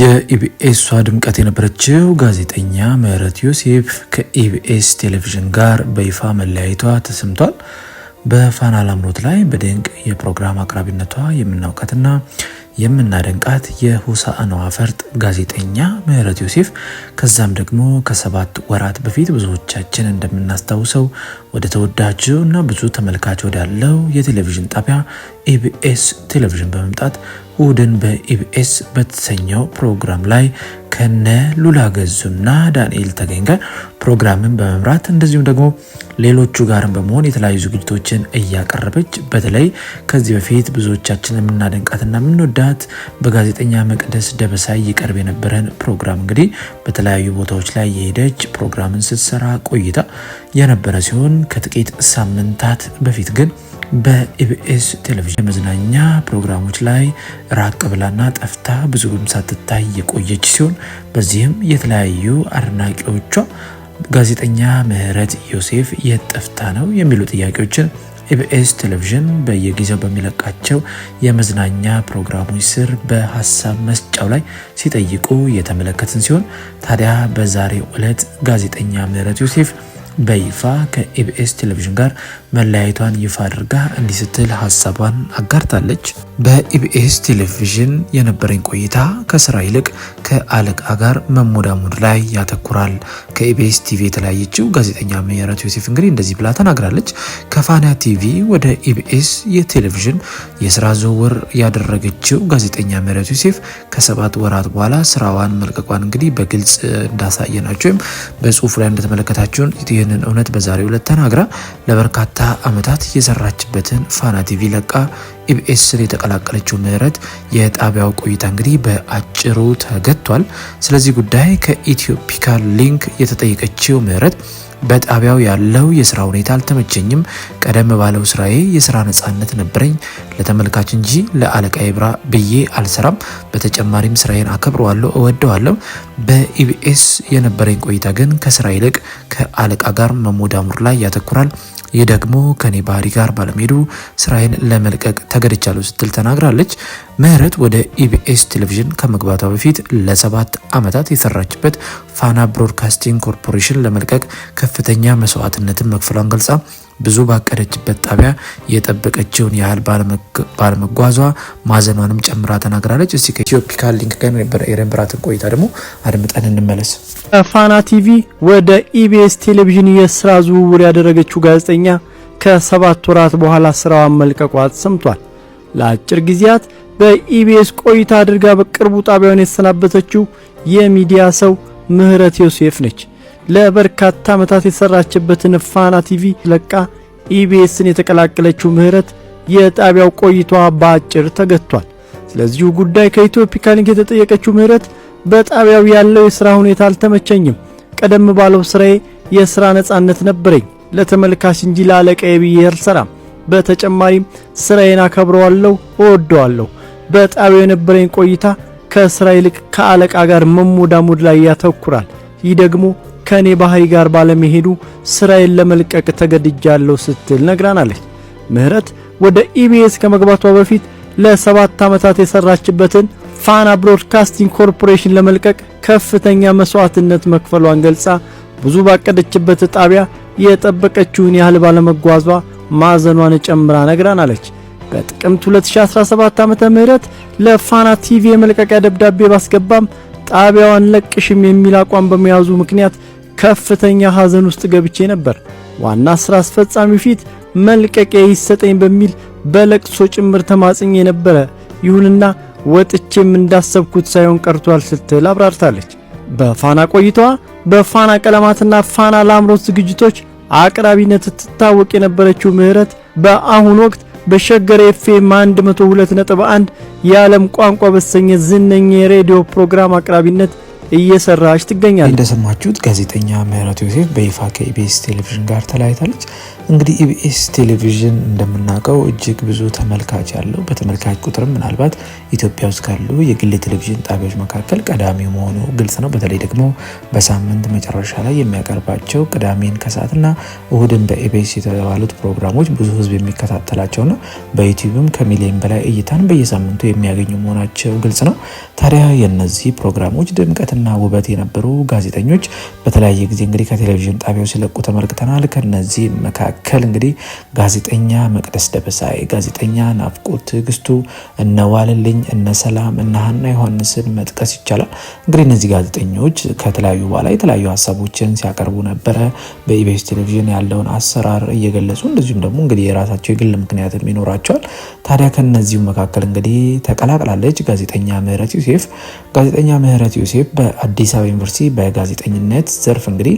የኢቢኤሷ ድምቀት የነበረችው ጋዜጠኛ ምህረት ዮሴፍ ከኢቢኤስ ቴሌቪዥን ጋር በይፋ መለያየቷ ተሰምቷል። በፋና ላምሮት ላይ በድንቅ የፕሮግራም አቅራቢነቷ የምናውቃትና የምናደንቃት የሆሳዕናዋ ፈርጥ ጋዜጠኛ ምህረት ዮሴፍ ከዛም ደግሞ ከሰባት ወራት በፊት ብዙዎቻችን እንደምናስታውሰው ወደ ተወዳጁ እና ብዙ ተመልካች ወዳለው የቴሌቪዥን ጣቢያ ኢቢኤስ ቴሌቪዥን በመምጣት እሁድን በኢቢኤስ በተሰኘው ፕሮግራም ላይ ከነ ሉላ ገዙና ዳንኤል ተገኝጋ ፕሮግራምን በመምራት እንደዚሁም ደግሞ ሌሎቹ ጋርም በመሆን የተለያዩ ዝግጅቶችን እያቀረበች በተለይ ከዚህ በፊት ብዙዎቻችን የምናደንቃትና የምንወዳት በጋዜጠኛ መቅደስ ደበሳይ ይቀርብ የነበረን ፕሮግራም እንግዲህ በተለያዩ ቦታዎች ላይ የሄደች ፕሮግራምን ስትሰራ ቆይታ የነበረ ሲሆን ከጥቂት ሳምንታት በፊት ግን በኢቢኤስ ቴሌቪዥን የመዝናኛ ፕሮግራሞች ላይ ራቅ ብላና ጠፍታ ብዙም ሳትታይ የቆየች ሲሆን በዚህም የተለያዩ አድናቂዎቿ ጋዜጠኛ ምህረት ዮሴፍ የት ጠፍታ ነው የሚሉ ጥያቄዎችን ኢቢኤስ ቴሌቪዥን በየጊዜው በሚለቃቸው የመዝናኛ ፕሮግራሞች ስር በሀሳብ መስጫው ላይ ሲጠይቁ የተመለከትን ሲሆን ታዲያ በዛሬው ዕለት ጋዜጠኛ ምህረት ዮሴፍ በይፋ ከኢቢኤስ ቴሌቪዥን ጋር መለያየቷን ይፋ አድርጋ እንዲህ ስትል ሀሳቧን አጋርታለች። በኢቢኤስ ቴሌቪዥን የነበረኝ ቆይታ ከስራ ይልቅ ከአለቃ ጋር መሞዳሙድ ላይ ያተኩራል። ከኢቢኤስ ቲቪ የተለያየችው ጋዜጠኛ ምህረት ዮሴፍ እንግዲህ እንደዚህ ብላ ተናግራለች። ከፋና ቲቪ ወደ ኢቢኤስ የቴሌቪዥን የስራ ዝውውር ያደረገችው ጋዜጠኛ ምህረት ዮሴፍ ከሰባት ወራት በኋላ ስራዋን መልቀቋን እንግዲህ በግልጽ እንዳሳየናቸው ወይም በጽሁፍ ላይ እንደተመለከታችሁን ይህንን እውነት በዛሬው ዕለት ተናግራ ለበርካታ አመታት የሰራችበትን ፋና ቲቪ ለቃ ኢቢኤስን የተቀላቀለችው ምህረት የጣቢያው ቆይታ እንግዲህ በአጭሩ ተገቷል። ስለዚህ ጉዳይ ከኢትዮፒካ ሊንክ የተጠየቀችው ምህረት በጣቢያው ያለው የስራ ሁኔታ አልተመቸኝም። ቀደም ባለው ስራዬ የስራ ነጻነት ነበረኝ። ለተመልካች እንጂ ለአለቃ ብራ ብዬ አልሰራም። በተጨማሪም ስራዬን አከብረዋለሁ፣ እወደዋለሁ። በኢቢኤስ የነበረኝ ቆይታ ግን ከስራ ይልቅ ከአለቃ ጋር መሞዳሙር ላይ ያተኩራል። ይህ ደግሞ ከኔ ባህሪ ጋር ባለመሄዱ ስራዬን ለመልቀቅ ተገድቻለሁ ስትል ተናግራለች። ምህረት ወደ ኢቢኤስ ቴሌቪዥን ከመግባቷ በፊት ለሰባት ዓመታት የሰራችበት ፋና ብሮድካስቲንግ ኮርፖሬሽን ለመልቀቅ ከፍተኛ መስዋዕትነትን መክፈሏን ገልጻ ብዙ ባቀደችበት ጣቢያ የጠበቀችውን ያህል ባለመጓዟ ማዘኗንም ጨምራ ተናግራለች። እስ ከኢትዮፒካል ሊንክ ጋር የረንብራትን ቆይታ ደግሞ አድምጠን እንመለስ። ፋና ቲቪ ወደ ኢቢኤስ ቴሌቪዥን የስራ ዝውውር ያደረገችው ጋዜጠኛ ከሰባት ወራት በኋላ ስራዋን መልቀቋ ተሰምቷል። ለአጭር ጊዜያት በኢቢኤስ ቆይታ አድርጋ በቅርቡ ጣቢያውን የተሰናበተችው የሚዲያ ሰው ምህረት ዮሴፍ ነች። ለበርካታ ዓመታት የተሰራችበትን ፋና ቲቪ ለቃ ኢቢኤስን የተቀላቀለችው ምህረት የጣቢያው ቆይቷ በአጭር ተገጥቷል። ስለዚሁ ጉዳይ ከኢትዮፒካሊንክ የተጠየቀችው ምህረት በጣቢያው ያለው የሥራ ሁኔታ አልተመቸኝም። ቀደም ባለው ሥራዬ የሥራ ነጻነት ነበረኝ። ለተመልካች እንጂ ለአለቃዬ ብዬ አልሰራም። በተጨማሪም ሥራዬን አከብረዋለሁ፣ እወደዋለሁ። በጣቢያው የነበረኝ ቆይታ ከስራ ይልቅ ከአለቃ ጋር መሞዳሞድ ላይ ያተኩራል። ይህ ደግሞ ከእኔ ባህሪ ጋር ባለመሄዱ ስራዬን ለመልቀቅ ተገድጃለሁ ስትል ነግራናለች። ምህረት ወደ ኢቢኤስ ከመግባቷ በፊት ለሰባት ዓመታት የሰራችበትን ፋና ብሮድካስቲንግ ኮርፖሬሽን ለመልቀቅ ከፍተኛ መስዋዕትነት መክፈሏን ገልጻ ብዙ ባቀደችበት ጣቢያ የጠበቀችውን ያህል ባለመጓዟ ማዘኗን ጨምራ ነግራናለች። በጥቅምት 2017 ዓ.ም ለፋና ቲቪ የመልቀቂያ ደብዳቤ ባስገባም ጣቢያዋን ለቅሽም የሚል አቋም በመያዙ ምክንያት ከፍተኛ ሐዘን ውስጥ ገብቼ ነበር። ዋና ሥራ አስፈጻሚው ፊት መልቀቂያ ይሰጠኝ በሚል በለቅሶ ጭምር ተማጽኜ ነበረ። ይሁንና ወጥቼም እንዳሰብኩት ሳይሆን ቀርቷል ስትል አብራርታለች። በፋና ቆይታዋ በፋና ቀለማትና ፋና ላምሮት ዝግጅቶች አቅራቢነት ትታወቅ የነበረችው ምህረት በአሁኑ ወቅት በሸገር ኤፍኤም 102.1 የዓለም ቋንቋ በተሰኘ ዝነኛ የሬዲዮ ፕሮግራም አቅራቢነት እየሰራች ትገኛለች። እንደሰማችሁት ጋዜጠኛ ምህረት ዮሴፍ በይፋ ከኢቢኤስ ቴሌቪዥን ጋር ተለያይታለች። እንግዲህ ኢቢኤስ ቴሌቪዥን እንደምናውቀው እጅግ ብዙ ተመልካች ያለው በተመልካች ቁጥርም ምናልባት ኢትዮጵያ ውስጥ ካሉ የግል ቴሌቪዥን ጣቢያዎች መካከል ቀዳሚው መሆኑ ግልጽ ነው። በተለይ ደግሞ በሳምንት መጨረሻ ላይ የሚያቀርባቸው ቅዳሜን ከሰዓትና እሁድን በኢቢኤስ የተባሉት ፕሮግራሞች ብዙ ህዝብ የሚከታተላቸውና በዩቲዩብም ከሚሊዮን በላይ እይታን በየሳምንቱ የሚያገኙ መሆናቸው ግልጽ ነው። ታዲያ የነዚህ ፕሮግራሞች ድምቀት ትኩረትና ውበት የነበሩ ጋዜጠኞች በተለያየ ጊዜ እንግዲህ ከቴሌቪዥን ጣቢያው ሲለቁ ተመልክተናል። ከነዚህ መካከል እንግዲህ ጋዜጠኛ መቅደስ ደበሳይ፣ ጋዜጠኛ ናፍቆት ትዕግስቱ፣ እነ ዋልልኝ፣ እነ ሰላም፣ እነ ሀና ዮሐንስን መጥቀስ ይቻላል። እንግዲህ እነዚህ ጋዜጠኞች ከተለያዩ በኋላ የተለያዩ ሀሳቦችን ሲያቀርቡ ነበረ። በኢቢኤስ ቴሌቪዥን ያለውን አሰራር እየገለጹ እንደዚሁም ደግሞ እንግዲህ የራሳቸው የግል ምክንያትም ይኖራቸዋል። ታዲያ ከነዚሁ መካከል እንግዲህ ተቀላቅላለች ጋዜጠኛ ምህረት ዮሴፍ። ጋዜጠኛ ምህረት ዮሴፍ በአዲስ አበባ ዩኒቨርሲቲ በጋዜጠኝነት ዘርፍ እንግዲህ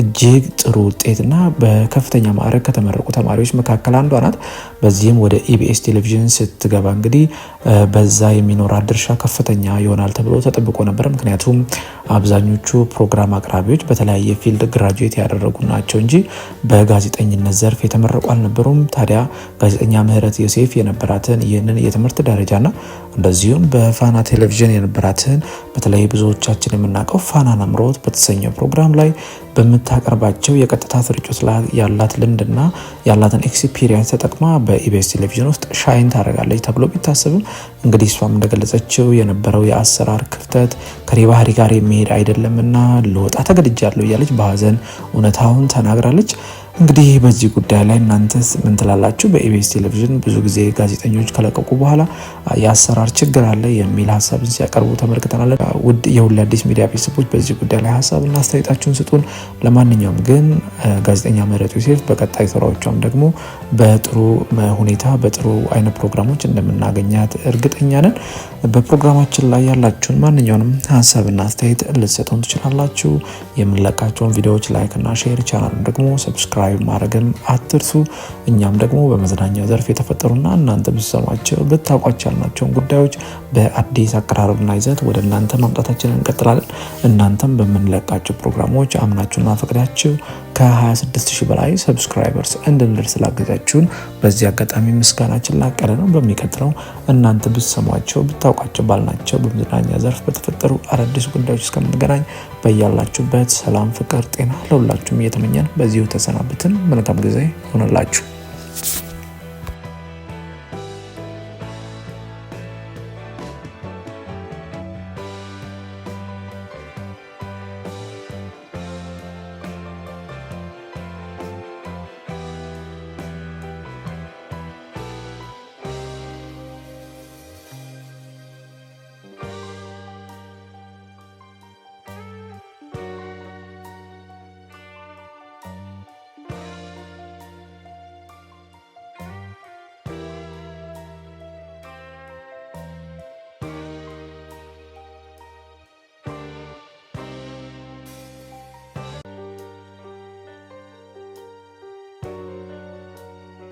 እጅግ ጥሩ ውጤትና በከፍተኛ ማዕረግ ከተመረቁ ተማሪዎች መካከል አንዷ ናት። በዚህም ወደ ኢቢኤስ ቴሌቪዥን ስትገባ እንግዲህ በዛ የሚኖራት ድርሻ ከፍተኛ ይሆናል ተብሎ ተጠብቆ ነበር። ምክንያቱም አብዛኞቹ ፕሮግራም አቅራቢዎች በተለያየ ፊልድ ግራጁዌት ያደረጉ ናቸው እንጂ በጋዜጠኝነት ዘርፍ የተመረቁ አልነበሩም። ታዲያ ጋዜጠኛ ምህረት ዮሴፍ የነበራትን ይህንን የትምህርት ደረጃና እንደዚሁም በፋና ቴሌቪዥን የነበራትን በተለይ ብዙዎቻችን የምናውቀው ፋና ናምሮት በተሰኘው ፕሮግራም ላይ በምታቀርባቸው የቀጥታ ስርጭት ላይ ያላት ልምድና ያላትን ኤክስፒሪየንስ ተጠቅማ በኢቢኤስ ቴሌቪዥን ውስጥ ሻይን ታደርጋለች ተብሎ ቢታሰብም እንግዲህ እሷም እንደገለጸችው የነበረው የአሰራር ክፍተት ባህሪ ጋር የሚሄድ አይደለምና ልወጣ ተገድጃለሁ እያለች በሀዘን እውነታውን ተናግራለች። እንግዲህ በዚህ ጉዳይ ላይ እናንተስ ምን ትላላችሁ? በኢቢኤስ ቴሌቪዥን ብዙ ጊዜ ጋዜጠኞች ከለቀቁ በኋላ የአሰራር ችግር አለ የሚል ሀሳብን ሲያቀርቡ ተመልክተናል። ውድ የሁሉ አዲስ ሚዲያ ቤተሰቦች በዚህ ጉዳይ ላይ ሀሳብ እና አስተያየታችሁን ስጡን። ለማንኛውም ግን ጋዜጠኛ ምህረት ዮሴፍ በቀጣይ ስራዎቿም ደግሞ በጥሩ ሁኔታ በጥሩ አይነት ፕሮግራሞች እንደምናገኛት እርግጠኛ ነን። በፕሮግራማችን ላይ ያላችሁን ማንኛውንም ሀሳብና አስተያየት ልትሰጡን ትችላላችሁ። የምንለቃቸውን ቪዲዮዎች ላይክ እና ሼር፣ ቻናሉን ደግሞ ሰብስክራይብ ሰብስክራይብ ማድረግን አትርሱ። እኛም ደግሞ በመዝናኛ ዘርፍ የተፈጠሩና እናንተ ብትሰሟቸው ብታውቋቸው ያልናቸውን ጉዳዮች በአዲስ አቀራረብና ይዘት ወደ እናንተ ማምጣታችንን እንቀጥላለን። እናንተም በምንለቃቸው ፕሮግራሞች አምናችሁና ፈቅዳችሁ ከ26000 በላይ ሰብስክራይበርስ እንድንደርስ በዚህ አጋጣሚ ምስጋናችን ላቀረ ነው። በሚቀጥለው እናንተ ብትሰሟቸው ብታውቋቸው ባልናቸው በመዝናኛ ዘርፍ በተፈጠሩ አዳዲስ ጉዳዮች እስከምንገናኝ በያላችሁበት ሰላም፣ ፍቅር፣ ጤና ለሁላችሁም እየተመኘን በዚሁ ተሰናብትን። መልካም ጊዜ ሆነላችሁ።